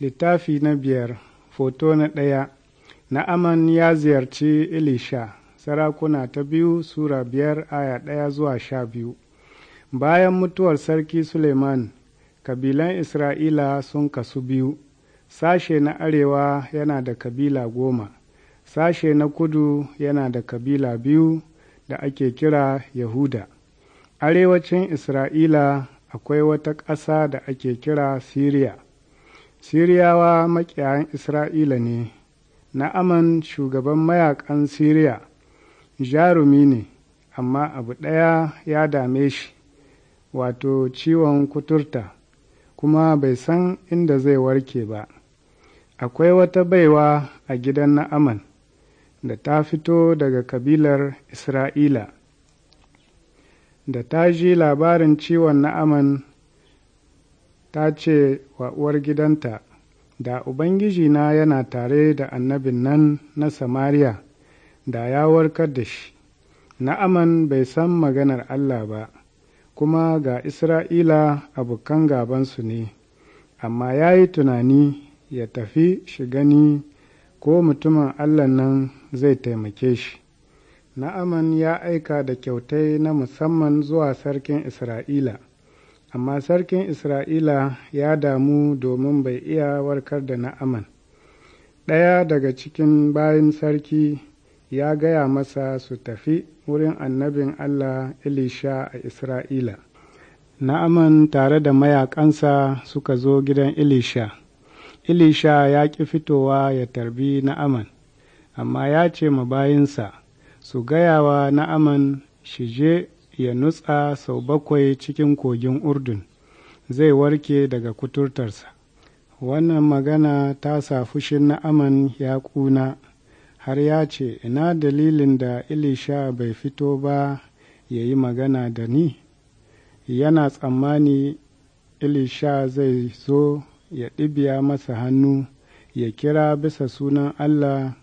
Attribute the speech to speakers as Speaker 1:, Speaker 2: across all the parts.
Speaker 1: Littafi na biyar, foto na ɗaya, Na'aman ya ziyarci Elisha, sarakuna ta biyu Sura biyar aya ɗaya zuwa sha biyu. Bayan mutuwar Sarki Suleiman, kabilan Isra'ila sun kasu biyu, sashe na arewa yana da kabila goma, sashe na kudu yana da kabila biyu da ake kira Yahuda. Arewacin Isra'ila akwai wata ƙasa da ake kira Siriya. siriyawa makiyayan isra'ila ne na'aman shugaban mayakan siriya jarumi ne amma abu ɗaya ya dame shi wato ciwon kuturta kuma bai san inda zai warke ba akwai wata baiwa a gidan na'aman da ta fito daga kabilar isra'ila da ta ji labarin ciwon na'aman ta ce wa uwar gidanta, Da Ubangijina yana tare da annabin nan na Samariya, da ya warkar da shi, na'aman bai san maganar Allah ba, kuma ga Isra'ila abokan gabansu ne, amma ya yi tunani ya tafi shi gani ko mutumin Allah nan zai taimake shi. Na'aman ya aika da kyautai na musamman zuwa sarkin Isra'ila. amma sarkin isra'ila ya damu domin bai iya warkar da na'aman ɗaya daga cikin bayan sarki ya gaya masa su tafi wurin annabin allah elisha a isra'ila na'aman tare da mayakansa suka zo gidan elisha elisha ya ƙi fitowa ya tarbi na'aman amma ya ce ma bayinsa su gayawa na'aman shi je ya nutsa sau bakwai cikin kogin urdun zai warke daga kuturtarsa wannan magana ta sa fushin na'aman ya ƙuna har ya ce ina dalilin da ilisha bai fito ba ya yi magana da ni yana tsammani ilisha zai zo ya ɗibiya masa hannu ya kira bisa sunan allah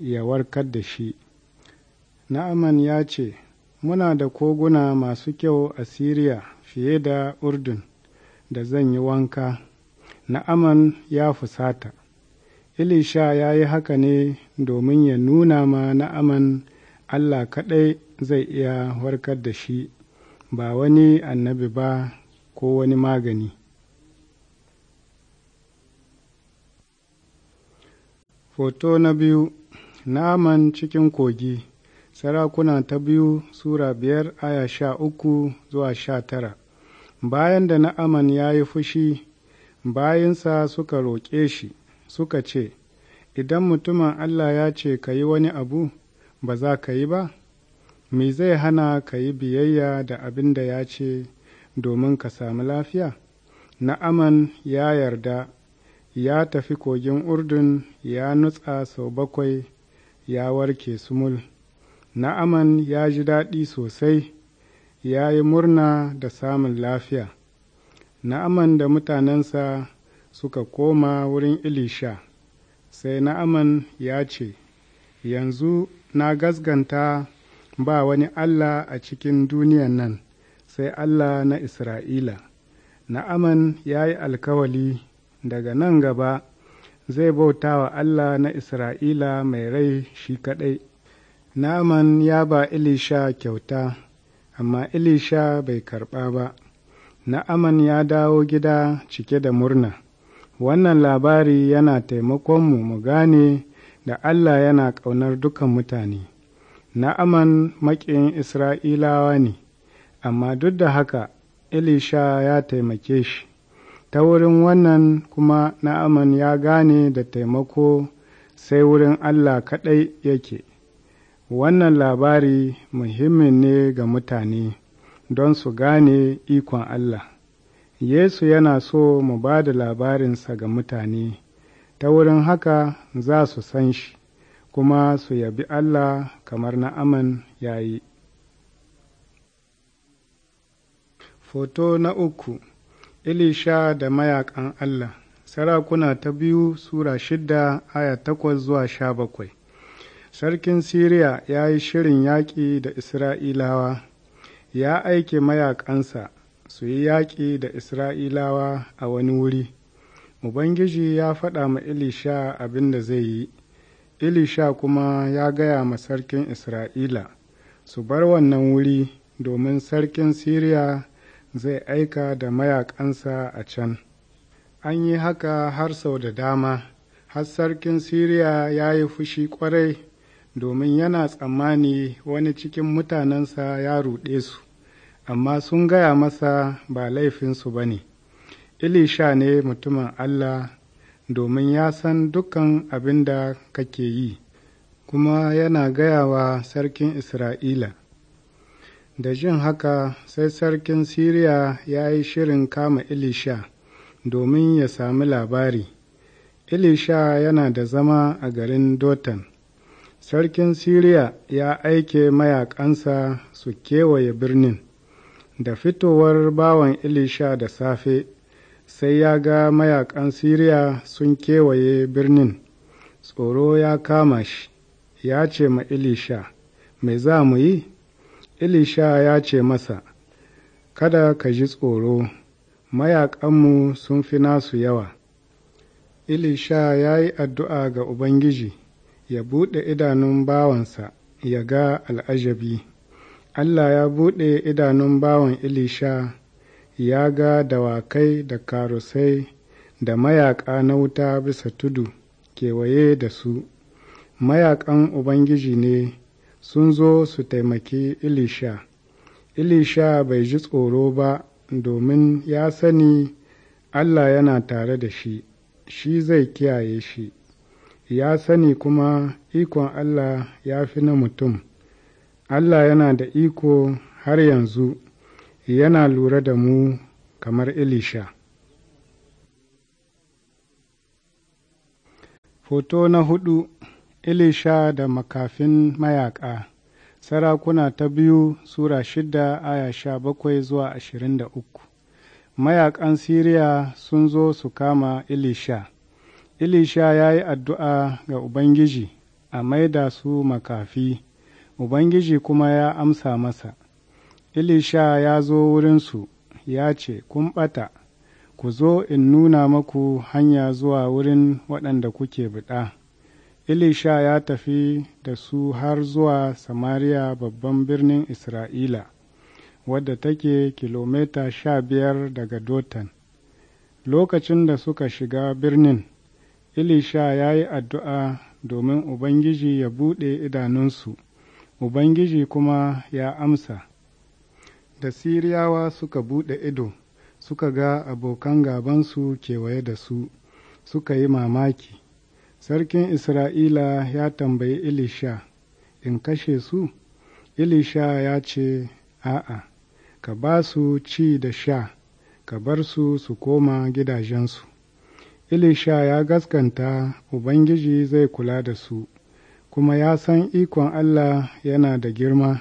Speaker 1: ya warkar da shi na'aman ya ce muna da koguna masu kyau a Siriya fiye da Urdun da zan yi wanka, na'aman ya fusata. Ilisha ya yi haka ne domin ya nuna ma na'aman Allah kaɗai zai iya warkar da shi, ba wani annabi ba ko wani magani. Foto na biyu, naman cikin kogi. Sarakuna ta biyu Sura biyar aya sha uku zuwa sha tara Bayan da Na'aman ya yi fushi, bayansa suka roƙe shi, suka ce, Idan mutumin Allah ya ce ka yi wani abu, ba za ka yi ba? Me zai hana ka yi biyayya da abin da ya ce domin ka sami lafiya? Na'aman ya yarda, ya tafi kogin Urdun ya nutsa sau bakwai, ya warke sumul. na'aman ya ji daɗi sosai ya yi murna da samun lafiya na'aman da mutanensa suka koma wurin ilisha sai na'aman ya ce yanzu na gasganta ba wani allah a cikin duniyan nan sai allah na isra'ila na'aman ya yi alkawali daga nan gaba zai bauta wa allah na isra'ila mai rai shi kaɗai Na'aman ya ba Ilisha kyauta, amma Ilisha bai karɓa ba. Na'aman ya dawo gida cike da murna. Wannan labari yana taimakonmu mu gane da Allah yana ƙaunar dukan mutane. Na'aman maƙin Isra'ilawa ne, amma duk da haka Ilisha ya taimake shi. Ta wurin wannan kuma Na'aman ya gane da taimako sai wurin Allah kaɗai yake. wannan labari muhimmin ne ga mutane don su gane ikon Allah. Yesu yana so mu ba da labarinsa ga mutane, ta wurin haka za su san shi, kuma su yabi Allah kamar na'aman ya yi. Foto na uku Ilisha da mayakan Allah, sarakuna ta biyu Sura shida aya takwas zuwa sha bakwai. sarkin siriya ya yi shirin yaƙi da isra'ilawa ya aike mayaƙansa su yi yaƙi da isra'ilawa a wani wuri ubangiji ya faɗa ma ilisha abin da zai yi ilisha kuma ya gaya ma sarkin isra'ila su bar wannan wuri domin sarkin siriya zai aika da mayaƙansa a can an yi haka har sau da dama har sarkin siriya ya yi fushi ƙwarai domin yana tsammani wani cikin mutanensa ya ruɗe su, amma sun gaya masa ba laifinsu ba ne. Ilisha ne mutumin Allah domin ya san dukkan abin da kake yi, kuma yana gaya wa sarkin Isra'ila. Da jin haka sai sarkin Siriya ya yi shirin kama Ilisha domin ya sami labari. Ilisha yana da zama a garin Dotan. sarkin Siriya ya aike mayaƙansa su kewaye birnin, da fitowar bawan Ilisha da safe, sai ya ga mayaƙan Siriya sun kewaye birnin, tsoro ya kama shi, ya ce ma Ilisha, Me za mu yi? Ilisha ya ce masa, Kada ka ji tsoro, mayaƙanmu sun fi nasu yawa. Ilisha ya yi addu'a ga Ubangiji. ya buɗe idanun bawansa ya ga al'ajabi Allah ya buɗe idanun bawan Ilisha ya ga dawakai da karusai da mayaƙa na wuta bisa tudu kewaye da su mayaƙan Ubangiji ne sun zo su taimaki Ilisha Ilisha bai ji tsoro ba domin ya sani Allah yana tare da shi shi zai kiyaye shi ya sani kuma ikon Allah ya fi na mutum Allah yana da iko har yanzu yana lura da mu kamar Elisha. Foto na hudu Elisha da makafin mayaƙa Sarakuna ta biyu Sura shida aya sha bakwai zuwa ashirin da uku Mayaƙan Siriya sun zo su kama Elisha Ilisha ya yi addu'a ga Ubangiji a maida su makafi, Ubangiji kuma ya amsa masa. Ilisha ya zo wurinsu ya ce, Kun ɓata, ku zo in nuna maku hanya zuwa wurin waɗanda kuke buɗa. Ilisha ya tafi da su har zuwa Samariya babban birnin Isra'ila, wadda take kilomita sha biyar daga Dotan. Lokacin da suka shiga birnin, Ilisha ya yi addu'a domin Ubangiji ya buɗe idanunsu, Ubangiji kuma ya amsa. Da Siriyawa suka buɗe ido, suka ga abokan gabansu kewaye da su, suka yi mamaki. Sarkin Isra'ila ya tambayi Ilisha, In kashe su? Ilisha ya ce, A'a, ka ba su ci da sha, ka bar su su koma gidajensu. Ilisha ya gaskanta Ubangiji zai kula da su, kuma ya san ikon Allah yana da girma.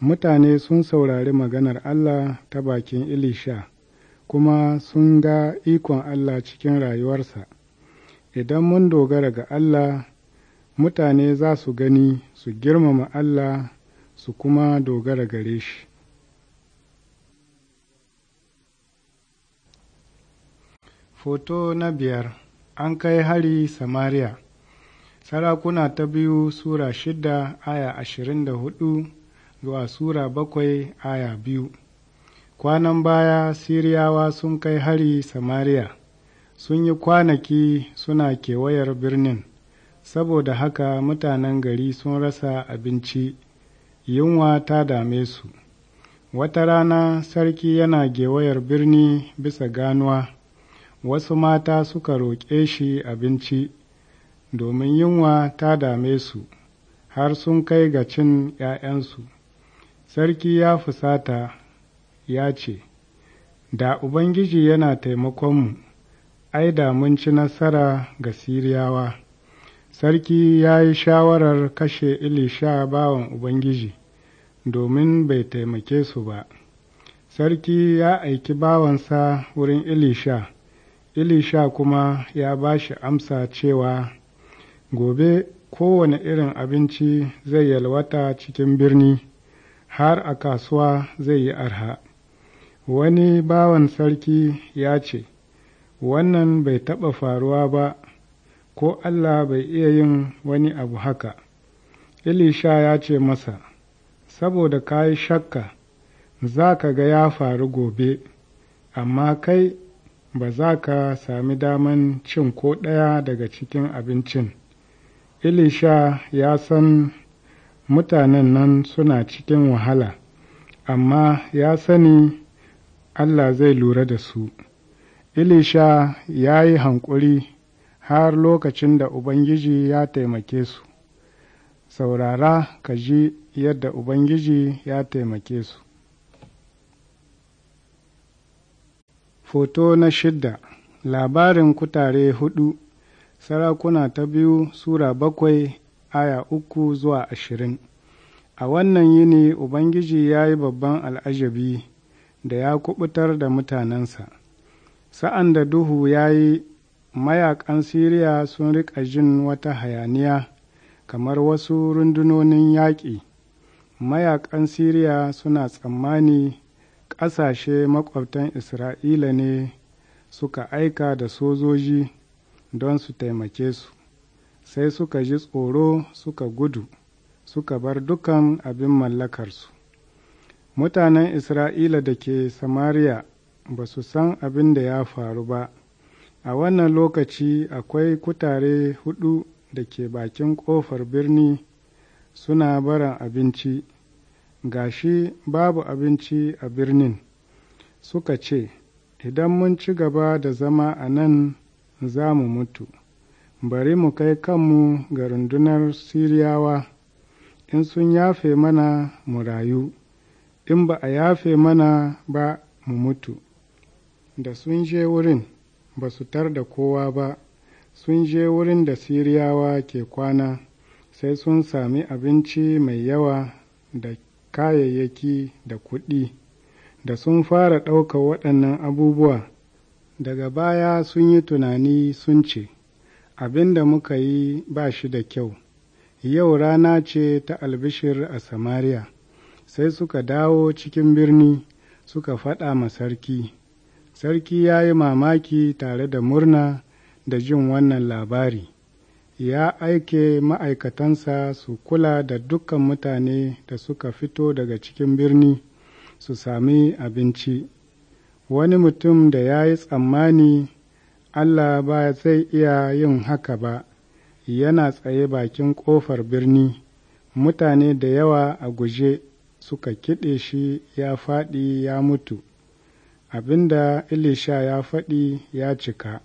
Speaker 1: Mutane sun saurari maganar Allah ta bakin Ilisha, kuma sun ga ikon Allah cikin rayuwarsa. Idan mun dogara ga Allah, mutane za su gani su girmama Allah su kuma dogara gare shi. Foto na biyar An kai hari Samariya Sarakuna ta biyu Sura shida aya ashirin da hudu zuwa Sura bakwai aya biyu Kwanan baya Siriyawa sun kai hari Samariya sun yi kwanaki suna kewayar birnin saboda haka mutanen gari sun rasa abinci yunwa ta dame su wata rana sarki yana gewayar birni bisa ganuwa wasu mata suka roƙe shi abinci domin yunwa ta dame su har sun kai ga cin ’ya'yansu sarki ya fusata ya ce da ubangiji yana taimakonmu ai da mun ci nasara ga siriyawa sarki ya yi shawarar kashe ilisha bawan ubangiji domin bai taimake su ba sarki ya aiki bawansa wurin ilisha ilisha kuma ya ba shi amsa cewa gobe kowane irin abinci zai yalwata cikin birni har a kasuwa zai yi arha wani bawan sarki ya ce wannan bai taɓa faruwa ba ko allah bai iya yin wani abu haka ilisha ya ce masa saboda ka yi shakka za ka ga ya faru gobe amma kai ba za ka sami daman cin ko ɗaya daga cikin abincin ilisha ya san mutanen nan suna cikin wahala amma ya sani allah zai lura da su ilisha ya yi hankuri har lokacin da ubangiji ya taimake su saurara ka ji yadda ubangiji ya taimake su Foto na shidda Labarin kutare hudu Sarakuna ta biyu Sura bakwai aya uku zuwa ashirin A wannan yini Ubangiji ya yi babban al'ajabi da ya kubutar da mutanensa. Sa'an da duhu ya yi mayaƙan Siriya sun riƙa jin wata hayaniya kamar wasu rundunonin yaƙi. Mayaƙan Siriya suna tsammani ƙasashe maƙwabtan isra'ila ne suka aika da sojoji don su taimake su sai suka ji tsoro suka gudu suka bar dukan abin mallakarsu mutanen isra'ila da ke samariya ba su san abin da ya faru ba a wannan lokaci akwai kutare hudu da ke bakin ƙofar birni suna baran abinci gashi babu abinci a birnin suka ce idan mun ci gaba da zama a nan za mu mutu bari mu kai kanmu ga rundunar siriyawa in sun yafe mana mu rayu in ba a yafe mana ba mu mutu da sun je wurin ba su tar da kowa ba sun je wurin da siriyawa ke kwana sai sun sami abinci mai yawa da kayayyaki da kuɗi da sun fara ɗauka waɗannan abubuwa daga baya sun yi tunani sun ce abin da muka yi ba shi da kyau yau rana ce ta albishir a samariya sai suka dawo cikin birni suka faɗa ma sarki sarki ya yi mamaki tare da murna da jin wannan labari ya aike ma'aikatansa su kula da dukkan mutane da suka fito daga cikin birni su sami abinci wani mutum da ya yi tsammani allah ba zai iya yin haka ba yana tsaye bakin ƙofar birni mutane da yawa a guje suka kiɗe shi ya faɗi ya mutu abinda ilisha ya faɗi ya cika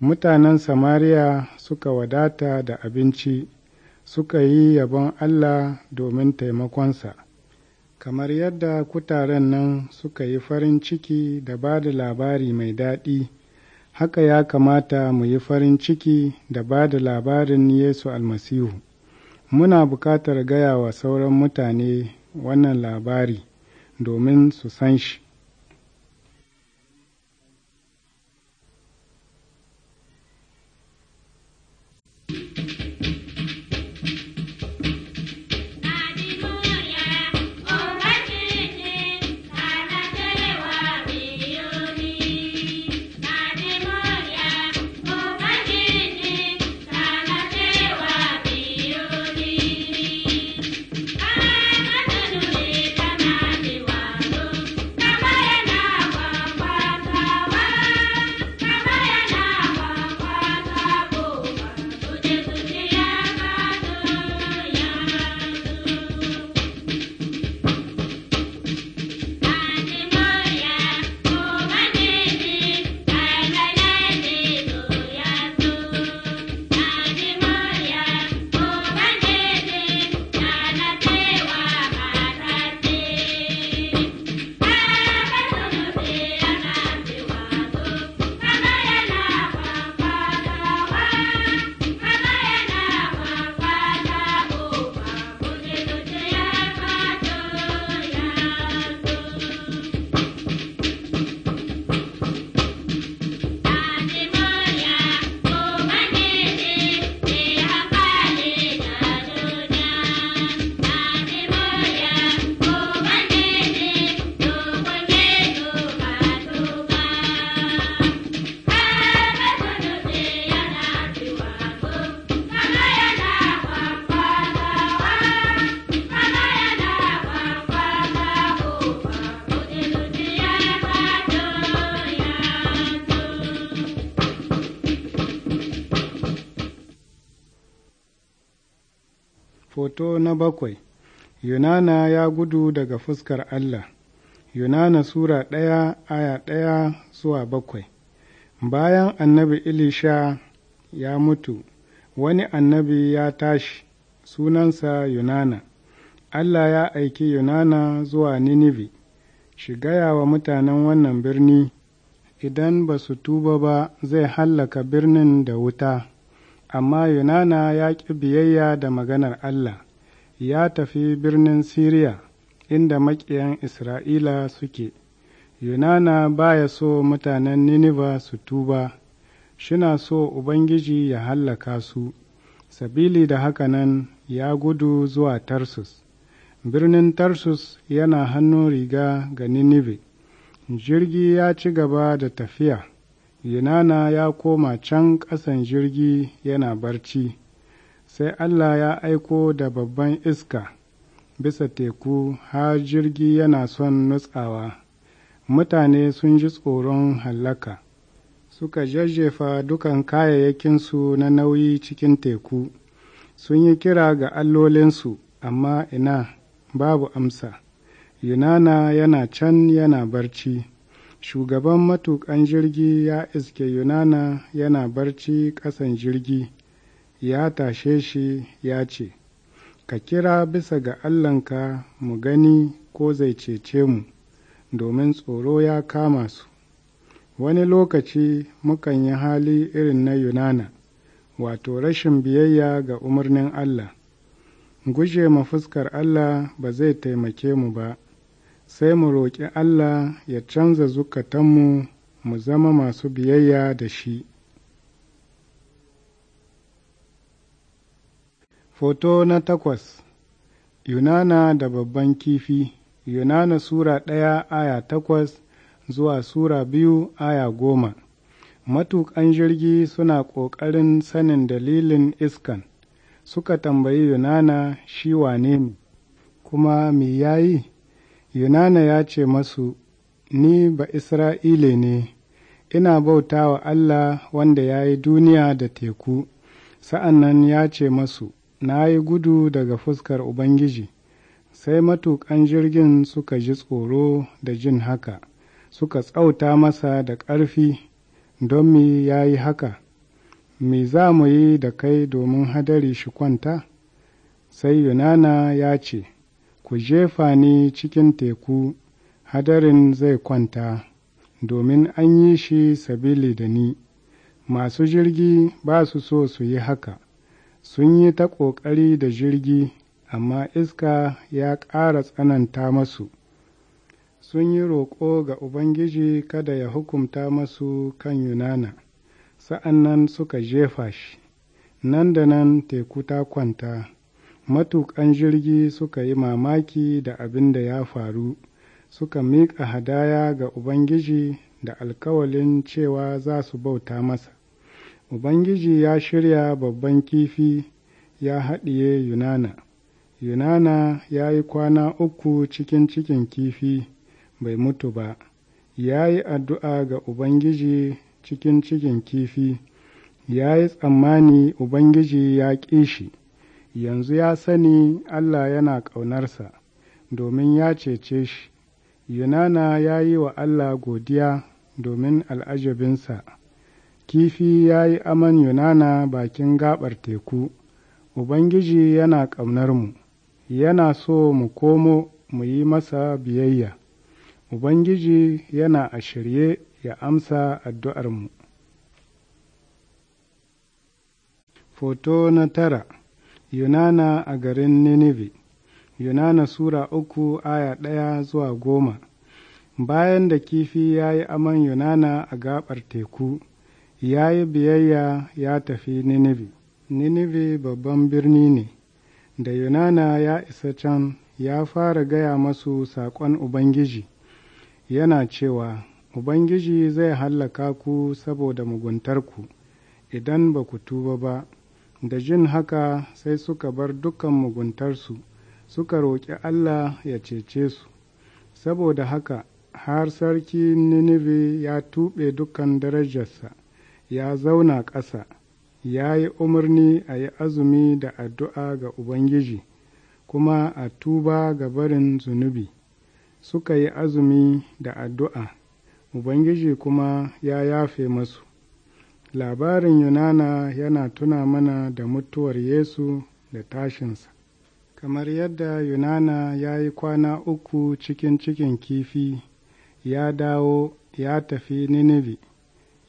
Speaker 1: mutanen Samariya suka wadata da abinci suka yi yabon Allah domin taimakonsa, kamar yadda kutaren nan suka yi farin ciki da ba da labari mai daɗi, haka ya kamata mu yi farin ciki da ba da labarin Yesu almasihu. Muna buƙatar gaya wa sauran mutane wannan labari domin su san shi. Hoto na bakwai Yunana ya gudu daga fuskar Allah Yunana Sura ɗaya aya ɗaya zuwa bakwai Bayan annabi Ilisha ya mutu, wani annabi ya tashi, sunansa Yunana. Allah ya aiki Yunana zuwa Ninive, shi gaya wa mutanen wannan birni, idan ba su tuba ba zai hallaka birnin da wuta, amma Yunana ya ƙi biyayya da maganar Allah, ya tafi birnin Siriya inda maƙiyan Isra'ila suke. Yunana baya so mutanen Niniva su tuba, shina so Ubangiji ya hallaka su, sabili da haka nan, ya gudu zuwa Tarsus. Birnin Tarsus yana hannun riga ga Ninive. Jirgi ya ci gaba da tafiya, Yunana ya koma can ƙasan jirgi yana barci. sai Allah ya aiko da babban iska bisa teku har jirgi yana son nutsawa mutane sun ji tsoron hallaka suka jajjefa dukan kayayyakinsu na nauyi cikin teku sun yi kira ga allolinsu amma ina babu amsa yunana yana can yana barci shugaban matukan jirgi ya iske yunana yana barci ƙasan jirgi ya tashe shi ya ce, Ka kira bisa ga Allahnka mu gani ko zai cece mu, domin tsoro ya kama su. Wani lokaci mukan yi hali irin na Yunana, wato rashin biyayya ga umarnin Allah. guje ma fuskar Allah ba zai taimake mu ba, sai mu roƙi Allah ya canza zukatanmu mu zama masu biyayya da shi. Foto na takwas Yunana da babban kifi Yunana Sura ɗaya aya takwas zuwa Sura biyu aya goma Matuƙan jirgi suna ƙoƙarin sanin dalilin iskan, suka tambayi Yunana shi wane ne, kuma me yayi? Yunana ya ce masu, Ni ba Isra'ile ne, ina bauta wa Allah wanda ya yi duniya da teku, sa'an nan ya ce masu, na yi gudu daga fuskar Ubangiji, sai matuƙan jirgin suka ji tsoro da jin haka, suka tsauta masa da ƙarfi don mi ya yi haka, mi za mu yi da kai domin hadari shi kwanta? Sai Yunana ya ce, Ku jefa ni cikin teku, hadarin zai kwanta, domin an yi shi sabili da ni, masu jirgi ba su so su yi haka. sun yi ta ƙoƙari da jirgi amma iska ya ƙara tsananta masu sun yi roƙo ga ubangiji kada ya hukumta masu kan yunana sa'an nan suka jefa shi nan da nan teku ta kwanta matuƙan jirgi suka yi mamaki da abin da ya faru suka miƙa hadaya ga ubangiji da alkawalin cewa za su bauta masa Ubangiji ya shirya babban kifi ya haɗiye Yunana. Yunana ya yi kwana uku cikin cikin kifi bai mutu ba, ya yi addu'a ga Ubangiji cikin cikin kifi, ya yi tsammani Ubangiji ya ƙi shi, yanzu ya sani Allah yana ƙaunarsa, domin ya cece shi. Yunana ya yi wa Allah godiya domin al'ajabinsa. kifi ya yi aman yunana bakin gaɓar teku ubangiji yana ƙaunar mu yana so mu komo mu yi masa biyayya ubangiji yana a shirye ya amsa addu'armu foto na tara yunana a garin ninive yunana sura uku aya ɗaya zuwa goma bayan da kifi ya yi aman yunana a gaɓar teku ya yi biyayya ya tafi Ninive. Ninive babban birni ne, da Yunana ya isa can ya fara gaya masu saƙon Ubangiji, yana cewa, Ubangiji zai hallaka ku saboda muguntarku, idan ba ku tuba ba, da jin haka sai suka bar dukan muguntarsu, suka roƙi Allah ya cece su, saboda haka har sarki Ninive ya tuɓe dukan darajarsa. ya zauna ƙasa ya yi umarni a yi azumi da addu'a ga Ubangiji, kuma a tuba ga barin zunubi, suka yi azumi da addu'a, Ubangiji kuma ya yafe masu. Labarin Yunana yana tuna mana da mutuwar Yesu da tashinsa. Kamar yadda Yunana ya yi kwana uku cikin cikin kifi, ya dawo ya tafi ninivi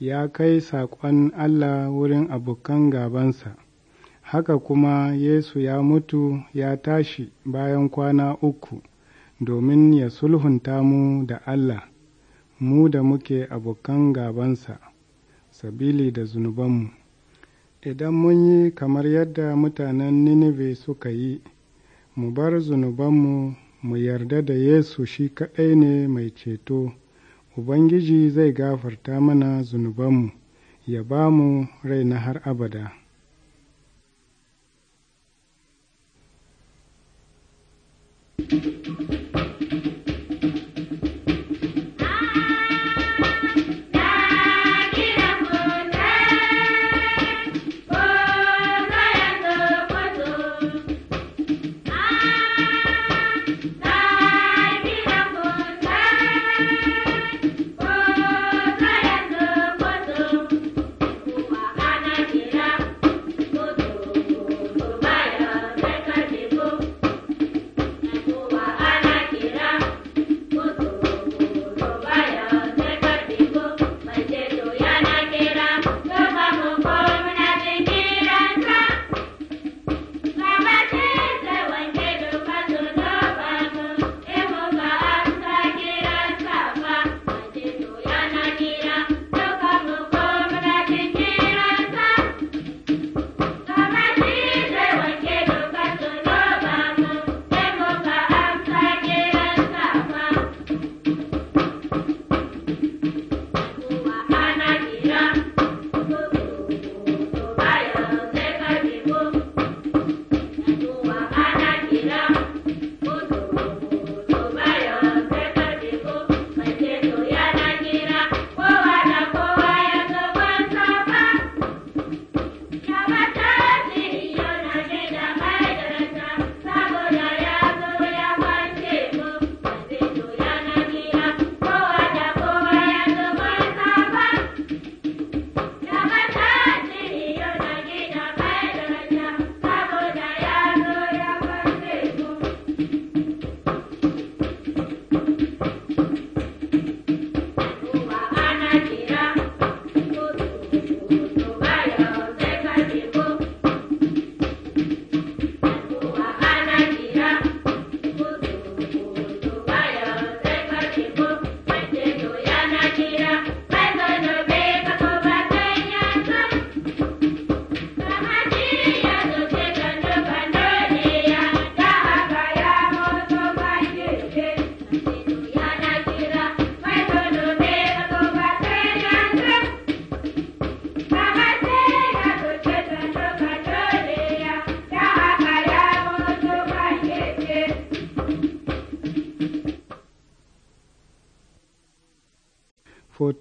Speaker 1: ya kai saƙon Allah wurin abokan gabansa, haka kuma Yesu ya mutu ya tashi bayan kwana uku domin ya sulhunta mu da Allah, mu da muke abokan gabansa, sabili da zunubanmu. Idan mun yi kamar yadda mutanen Ninive suka yi, mu bar zunubanmu mu yarda da Yesu shi kaɗai ne mai ceto. Ubangiji zai gafarta mana zunubanmu, ya ba mu rai na har abada. thank you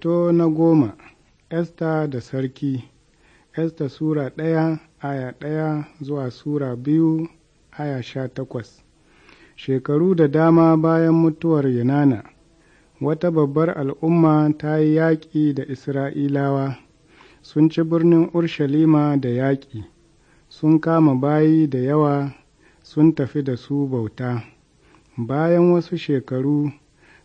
Speaker 1: Kaso na goma Esta da Sarki Esta Sura ɗaya aya ɗaya zuwa Sura biyu aya sha takwas Shekaru da dama bayan mutuwar Yanana, wata babbar al'umma ta yi yaƙi da Isra'ilawa, sun ci birnin Urshalima da yaƙi, sun kama bayi da yawa sun tafi da su bauta. Bayan wasu shekaru,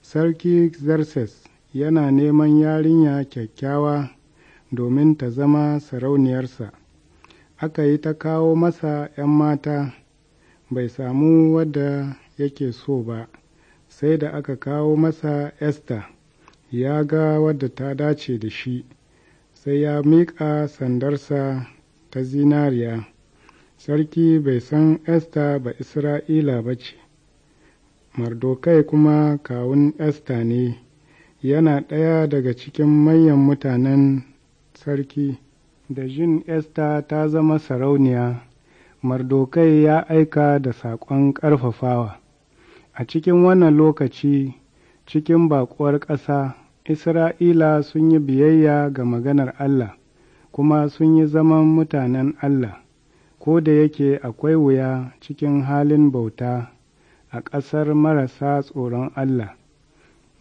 Speaker 1: Sarki Xerxes yana neman yarinya kyakkyawa domin ta zama sarauniyarsa aka yi ta kawo masa 'yan mata bai samu wadda yake so ba sai da aka kawo masa esther ya ga wadda ta dace da shi sai ya miƙa sandarsa ta zinariya sarki bai san esther ba isra'ila ba ce mardokai kuma kawun esther ne yana ɗaya daga cikin manyan mutanen sarki da jin esta ta zama sarauniya mardokai ya aika da saƙon ƙarfafawa a cikin wannan lokaci cikin baƙuwar ƙasa isra'ila sun yi biyayya ga maganar allah kuma sun yi zaman mutanen allah ko da yake akwai wuya cikin halin bauta a ƙasar marasa tsoron allah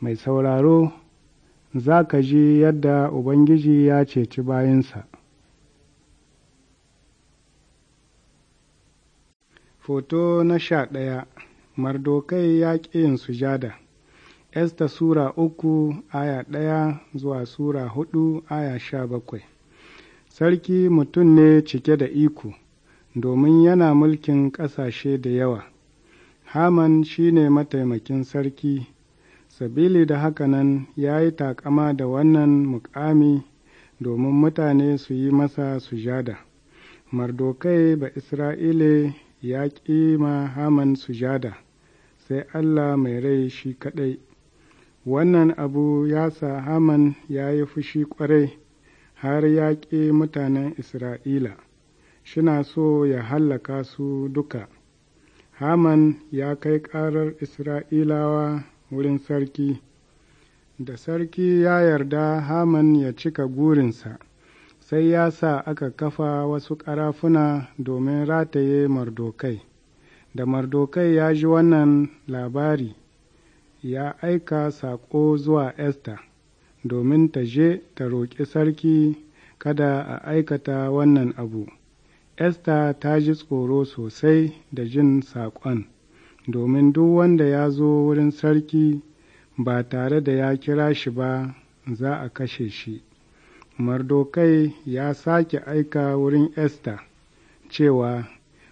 Speaker 1: mai sauraro za ka ji yadda Ubangiji ya ceci bayansa. Foto na sha ɗaya Mardokai ya ƙi yin sujada Esta Sura uku aya ɗaya zuwa Sura hudu aya sha bakwai Sarki mutum ne cike da iko, domin yana mulkin ƙasashe da yawa. Haman shi ne mataimakin sarki sabili da hakanan ya yi takama da wannan mukami domin mutane su yi masa sujada mardokai ba isra'ile ya ƙima haman sujada sai allah mai rai shi kaɗai wannan abu ya sa haman ya yi fushi ƙwarai har ya ƙi mutanen isra'ila shina so ya hallaka su duka haman ya kai ƙarar isra'ilawa wurin sarki da sarki ya yarda haman ya cika gurinsa sai ya sa aka kafa wasu ƙarafuna domin rataye mardokai da mardokai ya ji wannan labari ya aika saƙo zuwa esther domin ta je ta roƙi sarki kada a aikata wannan abu esther ta ji tsoro sosai da jin saƙon domin duk wanda ya zo wurin sarki ba tare da ya kira shi ba za a kashe shi mardokai ya sake aika wurin esther cewa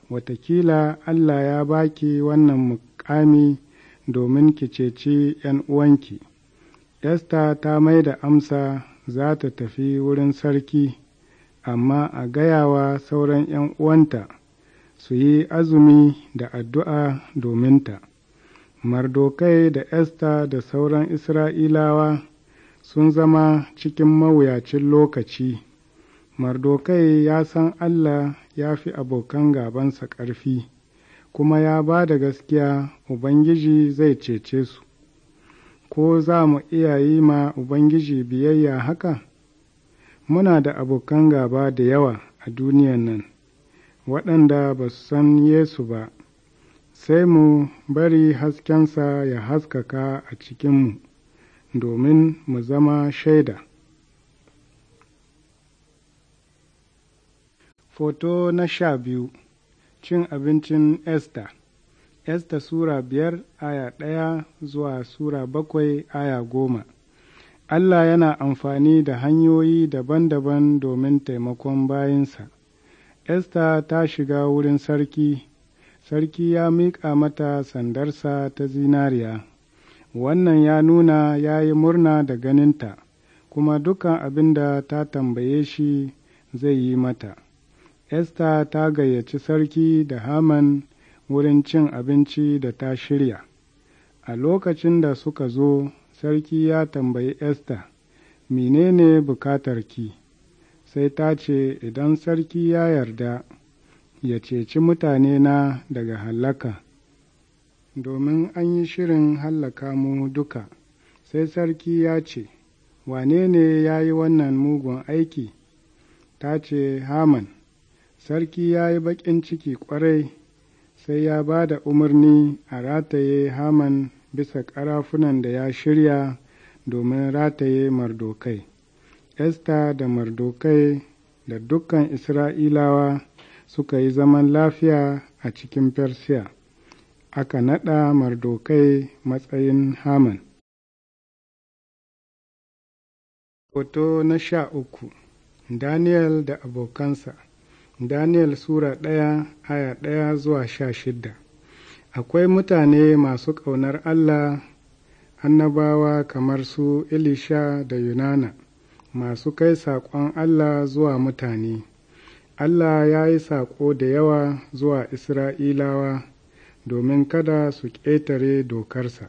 Speaker 1: watakila allah ya baki wannan mukami domin ki ceci uwanki esther ta mai da amsa za ta tafi wurin sarki amma a gayawa sauran 'yan uwanta su yi azumi da addu'a dominta. Mardokai da Esta da sauran Isra'ilawa sun zama cikin mawuyacin lokaci. Mardokai ya san Allah ya fi abokan gabansa ƙarfi, kuma ya ba da gaskiya Ubangiji zai cece su. Ko za mu iya yi ma Ubangiji biyayya haka? Muna da abokan gaba da yawa a duniyan nan. waɗanda ba su san Yesu ba, sai mu bari haskensa ya haskaka a cikinmu domin mu zama shaida. Foto na sha biyu Cin abincin Esta Esta Sura biyar aya ɗaya zuwa Sura bakwai aya goma Allah yana amfani da hanyoyi daban-daban domin taimakon bayinsa. Esta ta shiga wurin sarki, sarki ya miƙa mata sandarsa ta zinariya, wannan ya nuna ya yi murna da ganinta, kuma dukan abin da ta tambaye shi zai yi mata. Esta ta gayyaci sarki da Haman wurin cin abinci da ta shirya. A lokacin da suka zo, sarki ya tambayi Esta, menene ki. sai ta ce idan sarki ya yarda ya ceci mutane na daga hallaka domin an yi shirin hallaka mu duka sai sarki ya ce wane ne ya yi wannan mugun aiki ta ce haman sarki ya yi baƙin ciki ƙwarai sai ya ba da umarni a rataye haman bisa ƙarafunan da ya shirya domin rataye mardokai esta da mardokai da dukkan isra'ilawa suka yi zaman lafiya a cikin Persiya, aka naɗa mardokai matsayin Haman. Hoto na sha uku Daniel da abokansa Daniel Sura ɗaya aya ɗaya zuwa sha shidda Akwai mutane masu ƙaunar Allah annabawa kamar su Elisha da Yunana. masu kai saƙon Allah zuwa mutane. Allah ya yi saƙo da yawa zuwa Isra'ilawa domin kada su ƙetare dokarsa.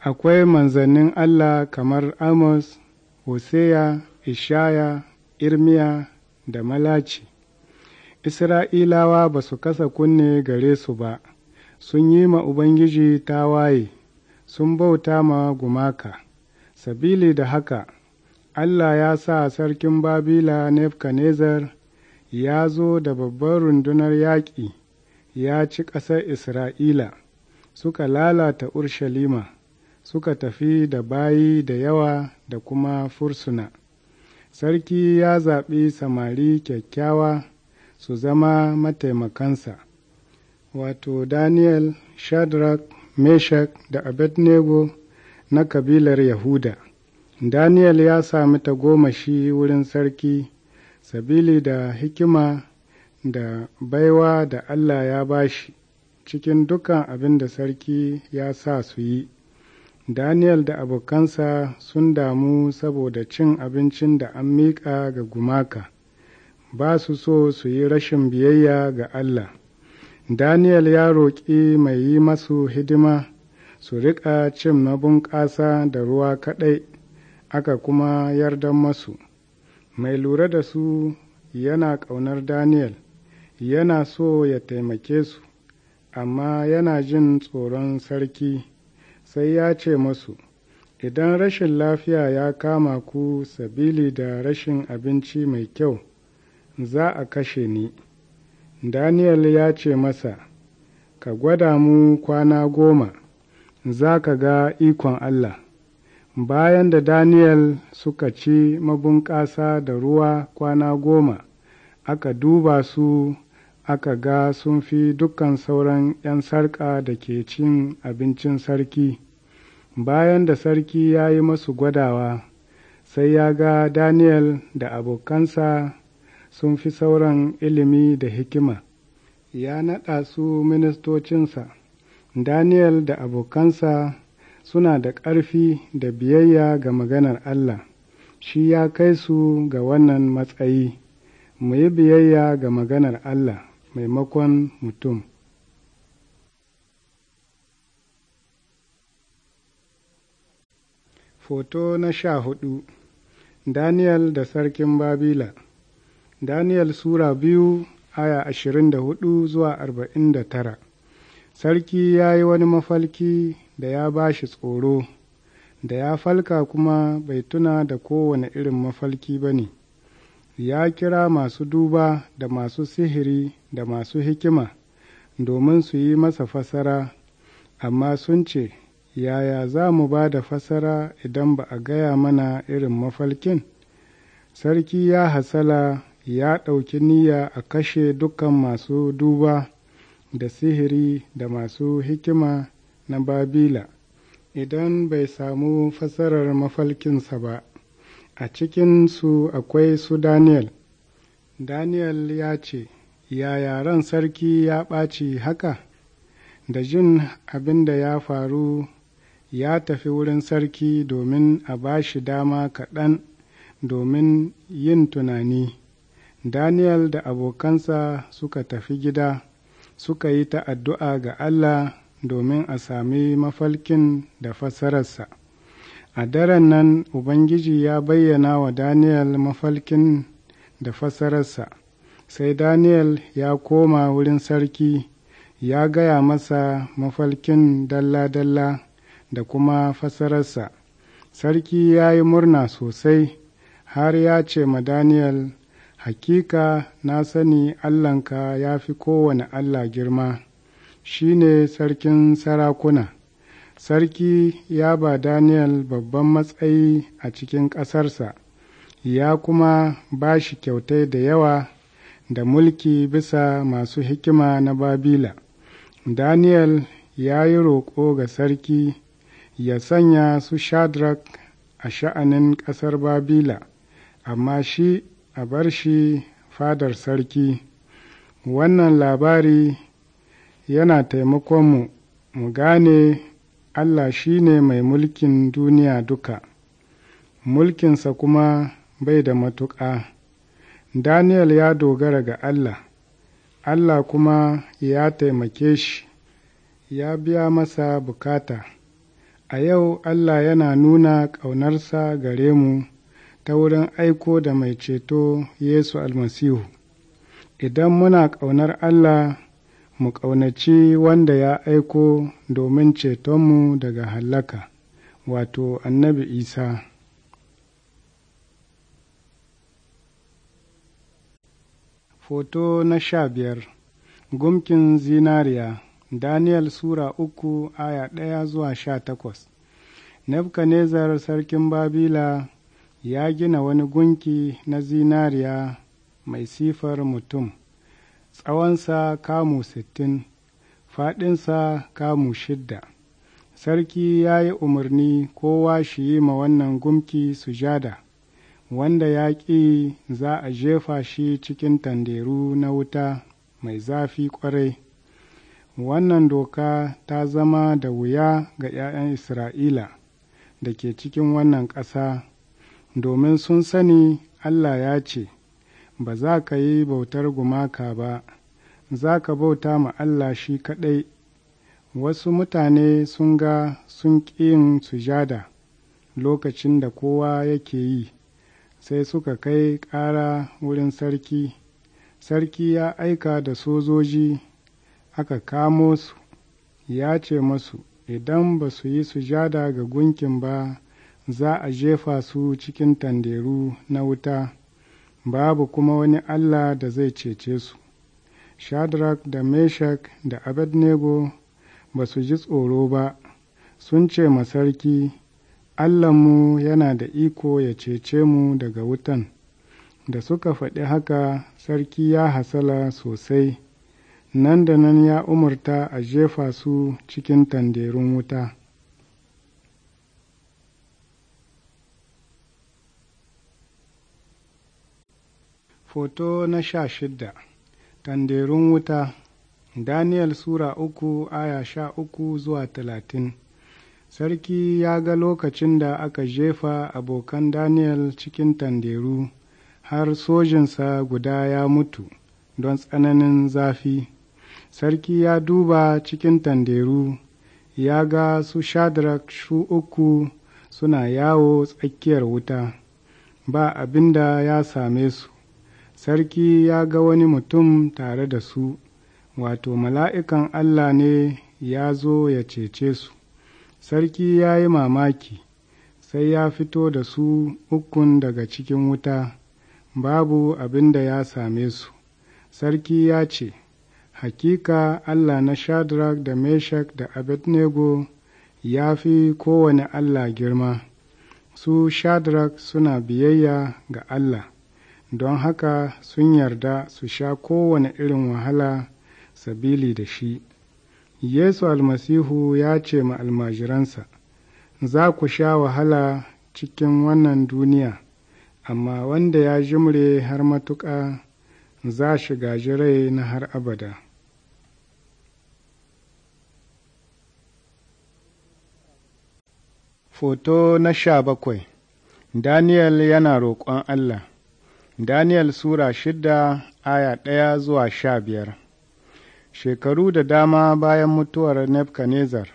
Speaker 1: Akwai manzannin Allah kamar Amos, Hosea, Ishaya, Irmiya da Malachi. Isra'ilawa ba su kasa kunne gare su ba, sun yi ma Ubangiji tawaye, sun bauta ma gumaka, sabili da haka Allah ya sa sarkin Babila Nebuchadnezzar ya zo da babbar rundunar yaƙi ya ci ƙasar Isra'ila, suka lalata Urshalima, suka tafi da bayi da yawa da kuma fursuna. Sarki ya zaɓi samari kyakkyawa su zama mataimakansa, wato Daniel, Shadrach, Meshach da Abednego na kabilar Yahuda. Daniel ya sami tagomashi wurin sarki sabili da hikima da baiwa da Allah ya bashi cikin dukan abin da sarki ya sa su yi. Daniel da abokansa sun damu saboda cin abincin da an miƙa ga gumaka, ba su so su yi rashin biyayya ga Allah. Daniel ya roƙi mai yi masu hidima su riƙa cin mabunƙasa da ruwa kaɗai aka kuma yarda masu mai lura da su yana ƙaunar daniel yana so ya taimake su amma yana jin tsoron sarki sai ya ce masu idan rashin lafiya ya kama ku sabili da rashin abinci mai kyau za a kashe ni daniel ya ce masa ka gwada mu kwana goma za ka ga ikon allah bayan da Daniel suka ci mabunƙasa da ruwa kwana goma, aka duba su aka ga sun fi dukkan sauran ‘yan sarƙa da ke cin abincin sarki. Bayan da sarki ya yi masu gwadawa, sai ya ga Daniel da abokansa sun fi sauran ilimi da hikima. Ya naɗa su ministocinsa, Daniel da abokansa suna da ƙarfi da biyayya ga maganar Allah, shi ya kai su ga wannan matsayi, mu yi biyayya ga maganar Allah maimakon mutum. Foto na sha hudu Daniel da Sarkin Babila Daniel Sura biyu aya ashirin da hudu zuwa arba'in da tara Sarki ya yi wani mafalki da ya ba shi tsoro da ya falka kuma bai tuna da kowane irin mafalki ba ne ya kira masu duba da masu sihiri da masu hikima domin su yi masa fasara amma sun ce yaya za mu ba da fasara idan ba a gaya mana irin mafalkin sarki ya hasala ya ɗauki niyya a kashe dukkan masu duba da sihiri da masu hikima na babila idan bai samu fasarar mafalkinsa ba a cikinsu akwai su daniel daniel ya ce ya yaran sarki ya ɓaci haka da jin abin da ya faru ya tafi wurin sarki domin a ba shi dama kaɗan domin yin tunani daniel da abokansa suka tafi gida suka yi ta addu'a ga allah domin a sami mafalkin da fassararsa a daren nan ubangiji ya bayyana wa daniel mafalkin da fassararsa sai daniel ya koma wurin sarki ya gaya masa mafalkin dalla-dalla da kuma fassararsa sarki ya yi murna sosai har ya ce ma daniel hakika na sani Allahnka ya fi kowane Allah girma, Shi ne sarkin sarakuna sarki ya ba daniel babban matsayi a cikin ƙasarsa ya kuma ba shi kyautai da yawa da mulki bisa masu hikima na babila daniel ya yi roƙo ga sarki ya sanya su shadrach a sha'anin ƙasar babila amma shi a bar shi fadar sarki wannan labari yana taimakonmu mu gane Allah shi ne mai mulkin duniya duka, mulkinsa kuma bai da matuƙa. Daniel ya dogara ga Allah, Allah kuma ya taimake shi, ya biya masa bukata. A yau Allah yana nuna ƙaunarsa gare mu ta wurin aiko da mai ceto Yesu almasihu. Idan muna ƙaunar Allah, mu ƙaunaci wanda ya aiko domin cetonmu daga hallaka wato annabi isa foto na sha biyar gumkin zinariya daniel sura uku aya ɗaya zuwa sha takwas nebkanezar sarkin babila ya gina wani gunki na zinariya mai sifar mutum tsawonsa kamu sittin faɗinsa kamu shidda sarki ya yi umarni kowa shi yi ma wannan gumki sujada wanda ya ƙi za a jefa shi cikin tanderu na wuta mai zafi ƙwarai wannan doka ta zama da wuya ga 'ya'yan isra'ila da ke cikin wannan ƙasa domin sun sani allah ya ce ba za ka yi bautar gumaka ba za ka bauta ma Allah shi kaɗai wasu mutane sun ga sun ƙin sujada lokacin da kowa yake yi sai suka kai ƙara wurin sarki sarki ya aika da sojoji aka kamo su ya ce masu idan ba su yi sujada ga gunkin ba za a jefa su cikin tanderu na wuta babu kuma wani Allah da zai cece su Shadrak da Meshach da Abednego ba su ji tsoro ba sun ce masarki Allahnmu yana da iko ya cece mu daga wutan da suka faɗi haka sarki ya hasala sosai nan da nan ya umarta a jefa su cikin tanderun wuta Foto na sha shidda Tanderun wuta Daniel Sura uku aya sha uku zuwa talatin Sarki ya ga lokacin da aka jefa abokan Daniel cikin tanderu har sojinsa guda ya mutu don tsananin zafi. Sarki ya duba cikin tanderu ya ga su Shadrach su uku suna yawo tsakiyar wuta ba abin da ya same su. sarki ya ga wani mutum tare da su wato mala'ikan Allah ne ya zo ya cece su sarki ya yi mamaki sai ya fito da su ukun daga cikin wuta babu abin da ya same su sarki ya ce hakika Allah na Shadrach da Meshach da Abednego ya fi kowane Allah girma su Shadrach suna biyayya ga Allah don haka sun yarda su sha kowane irin wahala sabili da shi yesu almasihu ya ce ma almajiransa za ku sha wahala cikin wannan duniya amma wanda ya jimre har matuƙa za shi gaji rai na har abada Foto na sha bakwai Daniel yana roƙon Allah daniel Sura shida aya ɗaya zuwa sha biyar Shekaru da dama bayan mutuwar Nebuchadnezzar,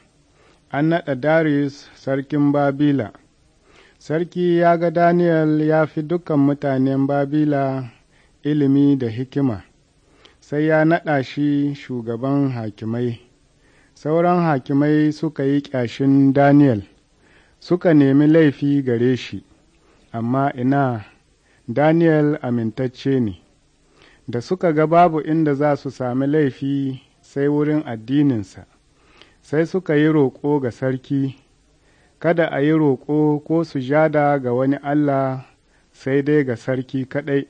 Speaker 1: an naɗa Darius sarkin Babila. Sarki ya ga daniel ya fi dukan mutanen Babila ilimi da hikima, sai ya naɗa shi shugaban hakimai. Sauran hakimai suka yi ƙyashin daniel suka nemi laifi gare shi, amma ina Daniel amintacce ne, da suka ga babu inda za su sami laifi sai wurin addininsa, sai suka yi roƙo ga sarki, kada a yi roƙo ko su jada ga wani Allah sai dai ga sarki kaɗai,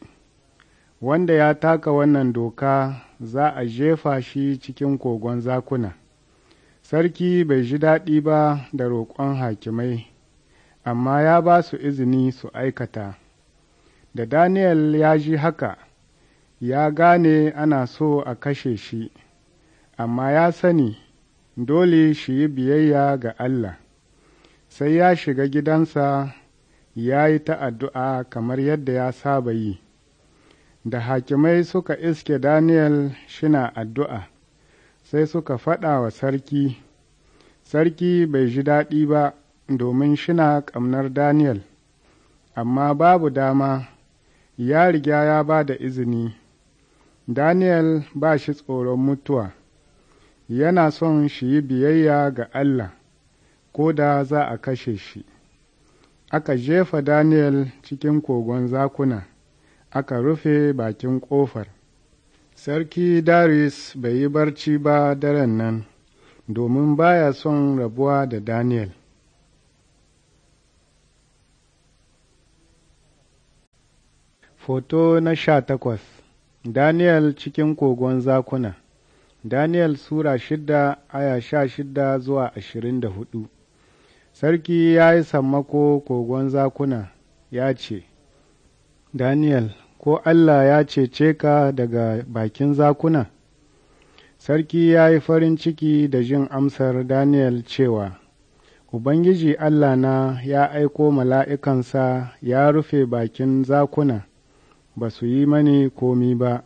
Speaker 1: wanda ya taka wannan doka za a jefa shi cikin kogon zakuna. Sarki bai ji daɗi ba da roƙon hakimai, amma ya ba su izini su aikata. Da Daniel ya ji haka, ya gane ana so a kashe shi, amma ya sani dole shi yi biyayya ga Allah, sai ya shiga gidansa ya yi ta addu'a kamar yadda ya saba yi. Da hakimai suka iske Daniel shina addu'a, sai suka faɗa wa sarki, sarki bai ji daɗi ba domin shina ƙamnar Daniel, amma babu dama ya riga ya ba da izini Daniel ba shi tsoron mutuwa yana son shi yi biyayya ga Allah ko da za a kashe shi aka jefa Daniel cikin kogon zakuna aka rufe bakin ƙofar sarki Darius bai yi barci ba daren nan domin baya son rabuwa da Daniel Foto na sha takwas Daniel cikin kogon zakuna Daniel Sura shida aya sha shida zuwa ashirin da hudu Sarki ya yi sammako kogon zakuna ya ce, Daniel, ko Allah ya cece ka daga bakin zakuna? Sarki ya yi farin ciki da jin amsar Daniel cewa, Ubangiji Allah na ya aiko mala'ikansa ya rufe bakin zakuna ba su yi mani komi ba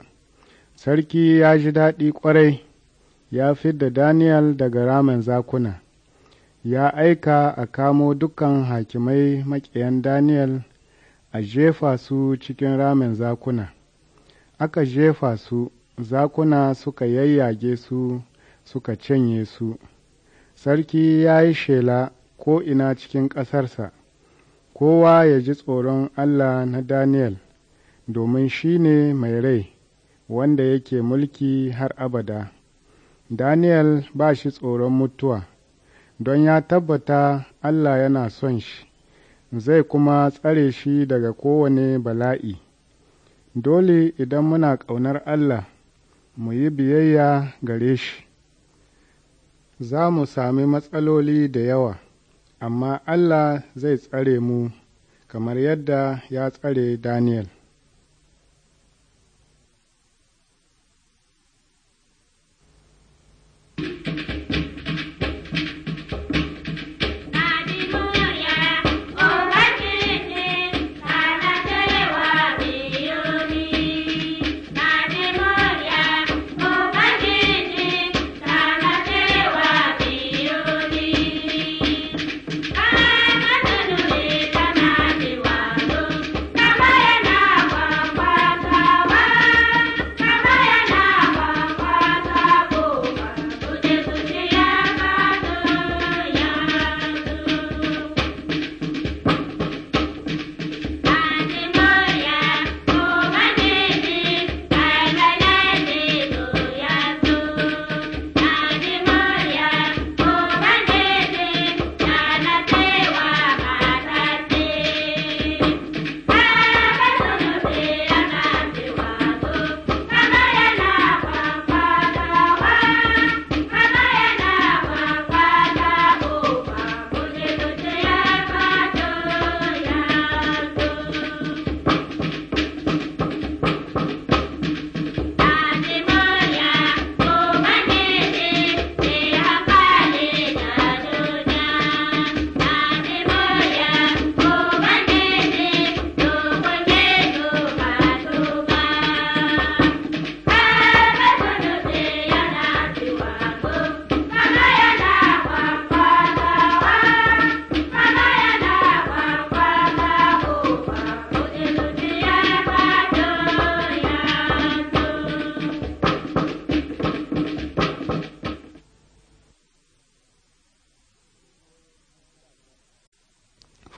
Speaker 1: sarki ya ji daɗi ƙwarai ya fidda daniel daga ramin zakuna ya aika a kamo dukkan hakimai maƙiyan daniel a jefa su cikin ramin zakuna aka jefa su zakuna suka yayyage su suka cinye su sarki ya yi shela ko'ina cikin ƙasarsa kowa ya ji tsoron allah na daniel domin shi ne mai rai wanda yake mulki har abada. Daniel ba shi tsoron mutuwa, don ya tabbata Allah yana son shi, zai kuma tsare shi daga kowane bala'i. Dole idan muna ƙaunar Allah, mu yi biyayya gare shi. Za mu sami matsaloli da yawa, amma Allah zai tsare mu kamar yadda ya tsare Daniel.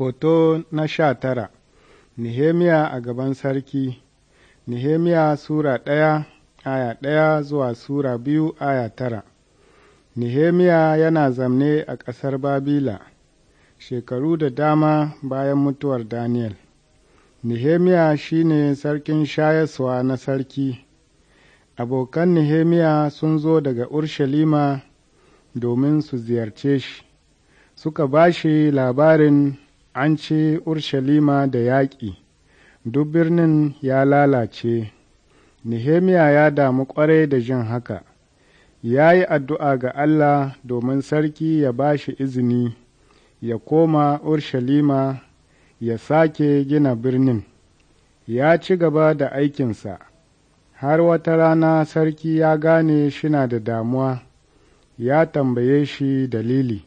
Speaker 1: hoto na sha tara Nehemiya a gaban sarki Nehemiya Sura ɗaya aya ɗaya zuwa Sura biyu aya tara Nehemiya yana zamne a ƙasar Babila shekaru da dama bayan mutuwar Daniel. Nehemiya shi ne sarkin shayaswa na sarki. Abokan Nehemiya sun zo daga Urshalima domin su ziyarce shi, suka ba shi labarin an ce Urshalima da yaƙi, duk birnin ya lalace. Nehemiya ya damu ƙwarai da jin haka, ya yi addu'a ga Allah domin sarki ya ba shi izini ya koma Urshalima ya sake gina birnin. Ya ci gaba da aikinsa, har wata rana sarki ya gane shina da damuwa, ya tambaye shi dalili.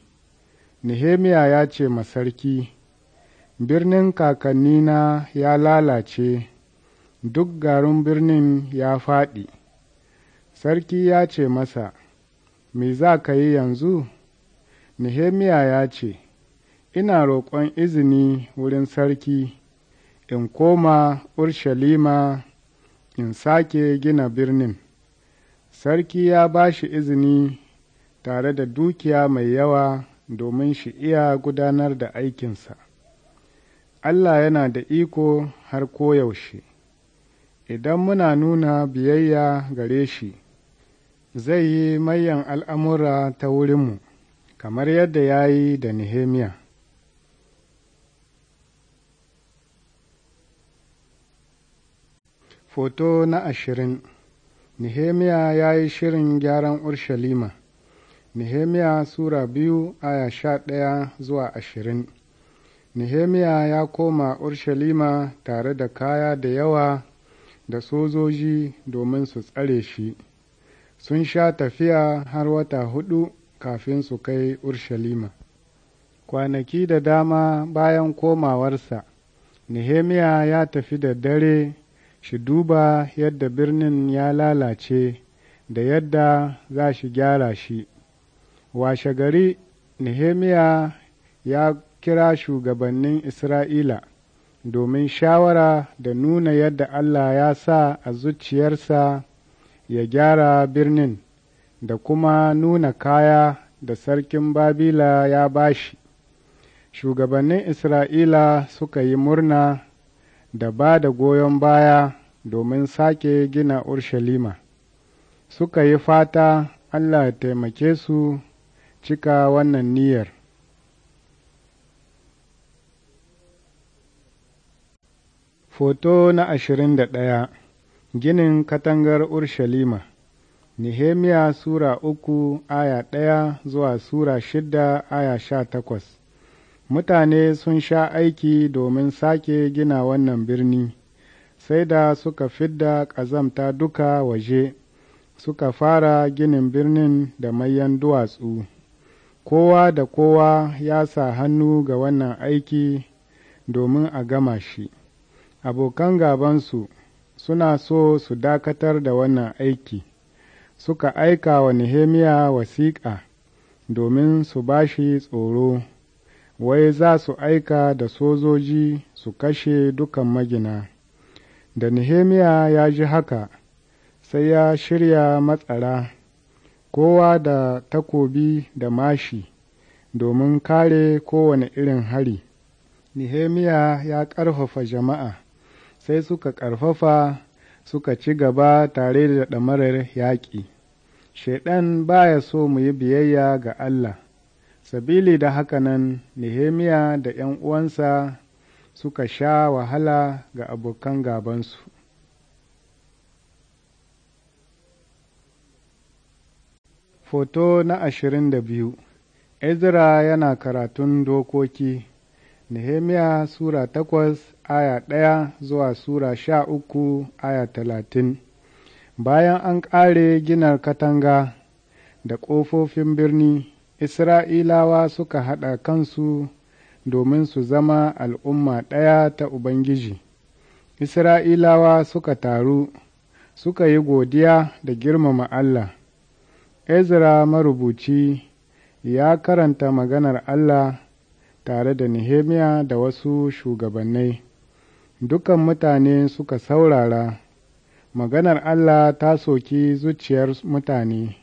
Speaker 1: Nehemiya ya ce ma sarki, birnin kakannina ya lalace duk garin birnin ya faɗi sarki ya ce masa me za ka yi yanzu nehemiya ya ce ina roƙon izini wurin sarki in koma urshalima in sake gina birnin sarki ya ba shi izini tare da dukiya mai yawa domin shi iya gudanar da aikinsa Allah yana da iko har koyaushe, idan muna nuna biyayya gare shi, zai yi mayan al'amura ta wurinmu, kamar yadda ya yi da Nehemiya. Foto na ashirin Nehemiya ya yi shirin gyaran Urshalima, Nehemiya Sura biyu aya sha ɗaya zuwa ashirin. Nehemiya ya koma Urshalima tare da kaya da yawa da sojoji domin su tsare shi, sun sha tafiya har wata hudu kafin su kai Urshalima. Kwanaki da dama bayan komawarsa, Nehemiya ya tafi da dare shi duba yadda birnin ya lalace da yadda za shi gyara shi. Washe gari, Nehemiya ya kira shugabannin Isra'ila domin shawara da nuna yadda Allah ya sa a zuciyarsa ya gyara birnin da kuma nuna kaya da sarkin Babila ya bashi. Shugabannin Isra'ila suka yi murna da ba da goyon baya domin sake gina Urshalima. Suka yi fata Allah ya taimake su cika wannan niyyar. Foto na ashirin da ɗaya Ginin katangar Urshalima Nehemiya Sura uku aya ɗaya zuwa Sura shida aya sha takwas Mutane sun sha aiki domin sake gina wannan birni, sai da suka fidda ƙazamta duka waje, suka fara ginin birnin da mayan duwatsu. Kowa da kowa ya sa hannu ga wannan aiki domin a gama shi. abokan gabansu suna so su dakatar da wannan aiki suka aika wa Nehemiya wasiƙa domin su ba shi tsoro wai za su aika da sojoji su kashe dukan magina da Nehemiya ya ji haka sai ya shirya matsara kowa da takobi da mashi domin kare kowane irin hari Nehemiya ya ƙarfafa jama'a sai suka ƙarfafa suka ci gaba tare da ɗamarar yaƙi. Shaiɗan ba ya so mu yi biyayya ga Allah, sabili da hakanan Nehemiya da ’yan uwansa suka sha wahala ga abokan gabansu. Foto na ashirin da biyu Ezra yana karatun dokoki Nehemiya Sura takwas aya ɗaya zuwa Sura sha uku aya talatin Bayan an ƙare ginar katanga da ƙofofin birni, Isra'ilawa suka haɗa kansu domin su zama al'umma ɗaya ta Ubangiji. Isra'ilawa suka taru, suka yi godiya da girmama Allah. Ezra marubuci ya karanta maganar Allah tare da Nehemiya da wasu shugabannai. Dukan mutane suka saurara, maganar Allah ta soki zuciyar mutane,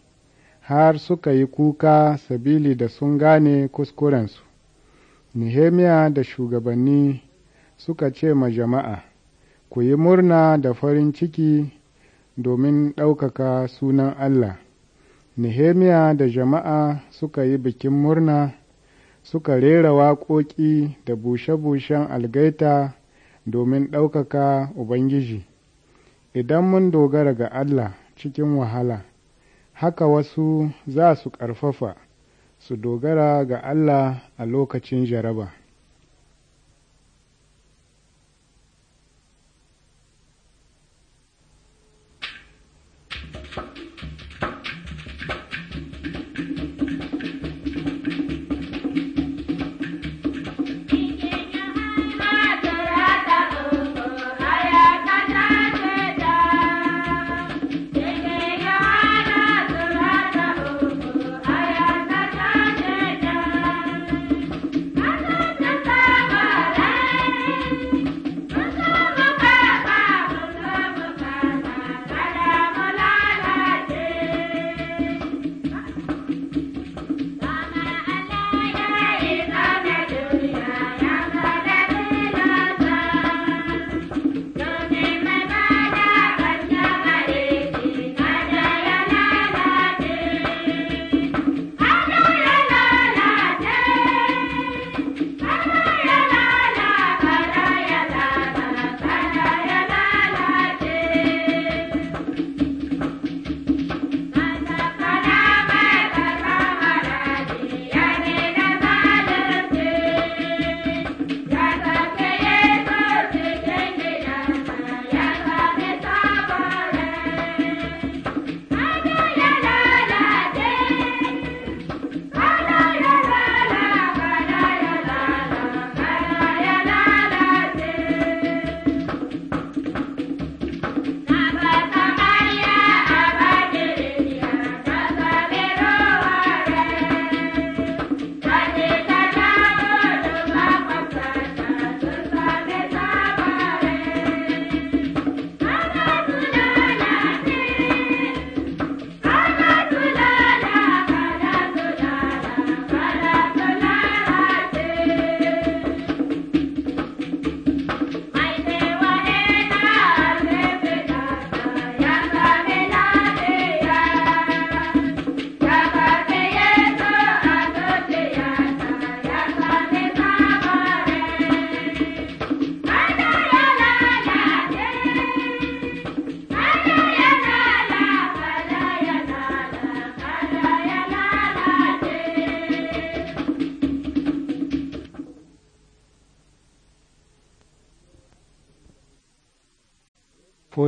Speaker 1: har suka yi kuka sabili da sun gane kuskurensu. Nehemiya da shugabanni suka ce ma jama'a, Ku yi murna da farin ciki domin ɗaukaka sunan Allah. Nehemiya da jama'a suka yi bikin murna suka rera waƙoƙi da bushe-bushen algaita domin ɗaukaka Ubangiji. Idan mun dogara ga Allah cikin wahala, haka wasu za su ƙarfafa su dogara ga Allah a lokacin jaraba.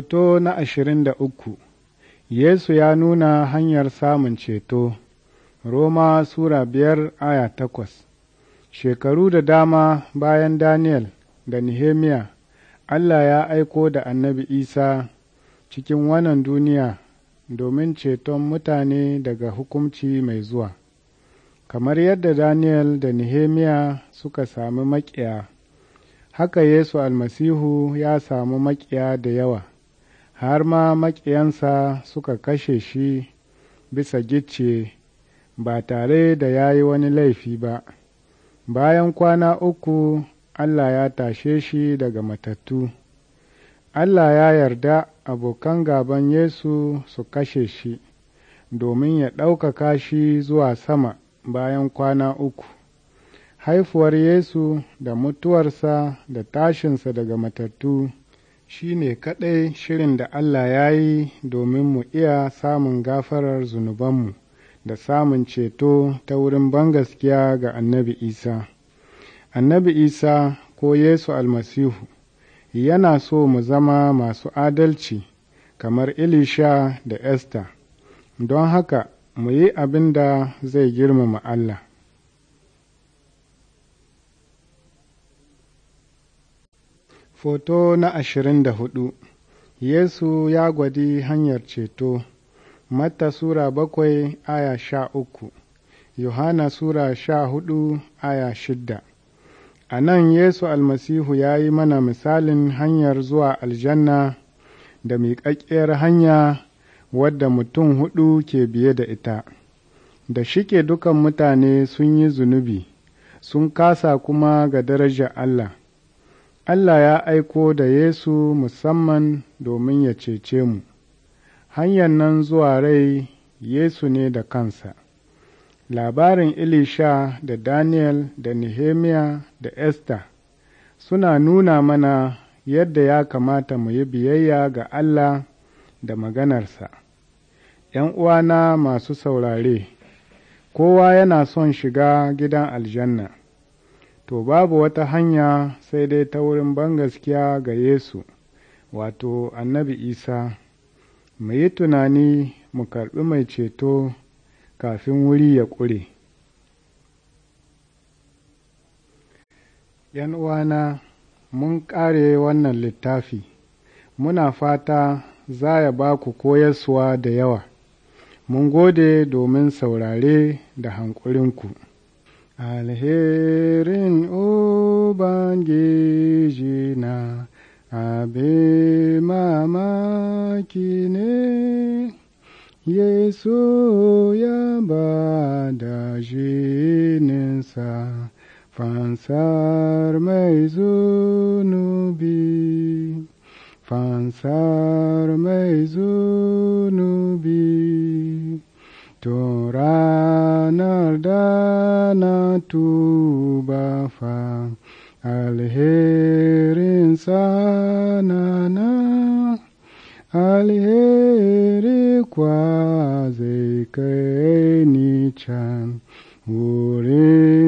Speaker 1: Hoto na ashirin da uku Yesu ya nuna hanyar samun ceto Roma Sura biyar aya takwas Shekaru da dama bayan Daniel da Nehemiya, Allah ya aiko da annabi Isa cikin wannan duniya domin ceton mutane daga hukumci mai zuwa. Kamar yadda Daniel da Nehemiya suka sami maƙiya, haka Yesu almasihu ya samu maƙiya da yawa. har ma maƙiyansa suka kashe shi bisa gicce ba tare da ya yi wani laifi ba bayan kwana uku allah ya tashe shi daga matattu allah ya yarda abokan gaban yesu su kashe shi domin ya ɗaukaka shi zuwa sama bayan kwana uku haifuwar yesu da mutuwarsa da tashinsa daga matattu shi ne kaɗai shirin da Allah ya yi domin mu iya samun gafarar zunubanmu da samun ceto ta wurin bangaskiya ga annabi Isa. Annabi Isa ko Yesu almasihu yana so mu zama masu adalci kamar Ilisha da Esther, don haka mu yi abin da zai girmama Allah. Foto na ashirin da hudu Yesu ya gwadi hanyar ceto Matta Sura bakwai aya sha uku Yohana Sura sha hudu aya shidda A nan Yesu almasihu ya yi mana misalin hanyar zuwa aljanna da miƙaƙƙiyar hanya wadda mutum hudu ke biye da ita. Da shike dukan mutane sun yi zunubi, sun kasa kuma ga darajar Allah. Allah ya aiko da Yesu musamman domin ya cece mu, hanyar nan zuwa rai Yesu ne da kansa. Labarin Elisha da Daniel da Nehemiya da Esther suna nuna mana yadda ya kamata mu yi biyayya ga Allah da maganarsa. ‘Yan uwana masu saurare, kowa yana son shiga gidan aljanna. to babu wata hanya sai dai ta wurin ban gaskiya ga Yesu, wato annabi Isa, mu yi tunani mu karɓi mai ceto kafin wuri ya ƙure. uwana mun ƙare wannan littafi, muna fata za ya ba ku koyaswa da yawa, mun gode domin saurare da hankulinku. Alherin o na abe mama ne, Yesu ya ba da fansar mai fansar mai to ranar da na tuba fa alherin sanana alheri kwa zai kai wurin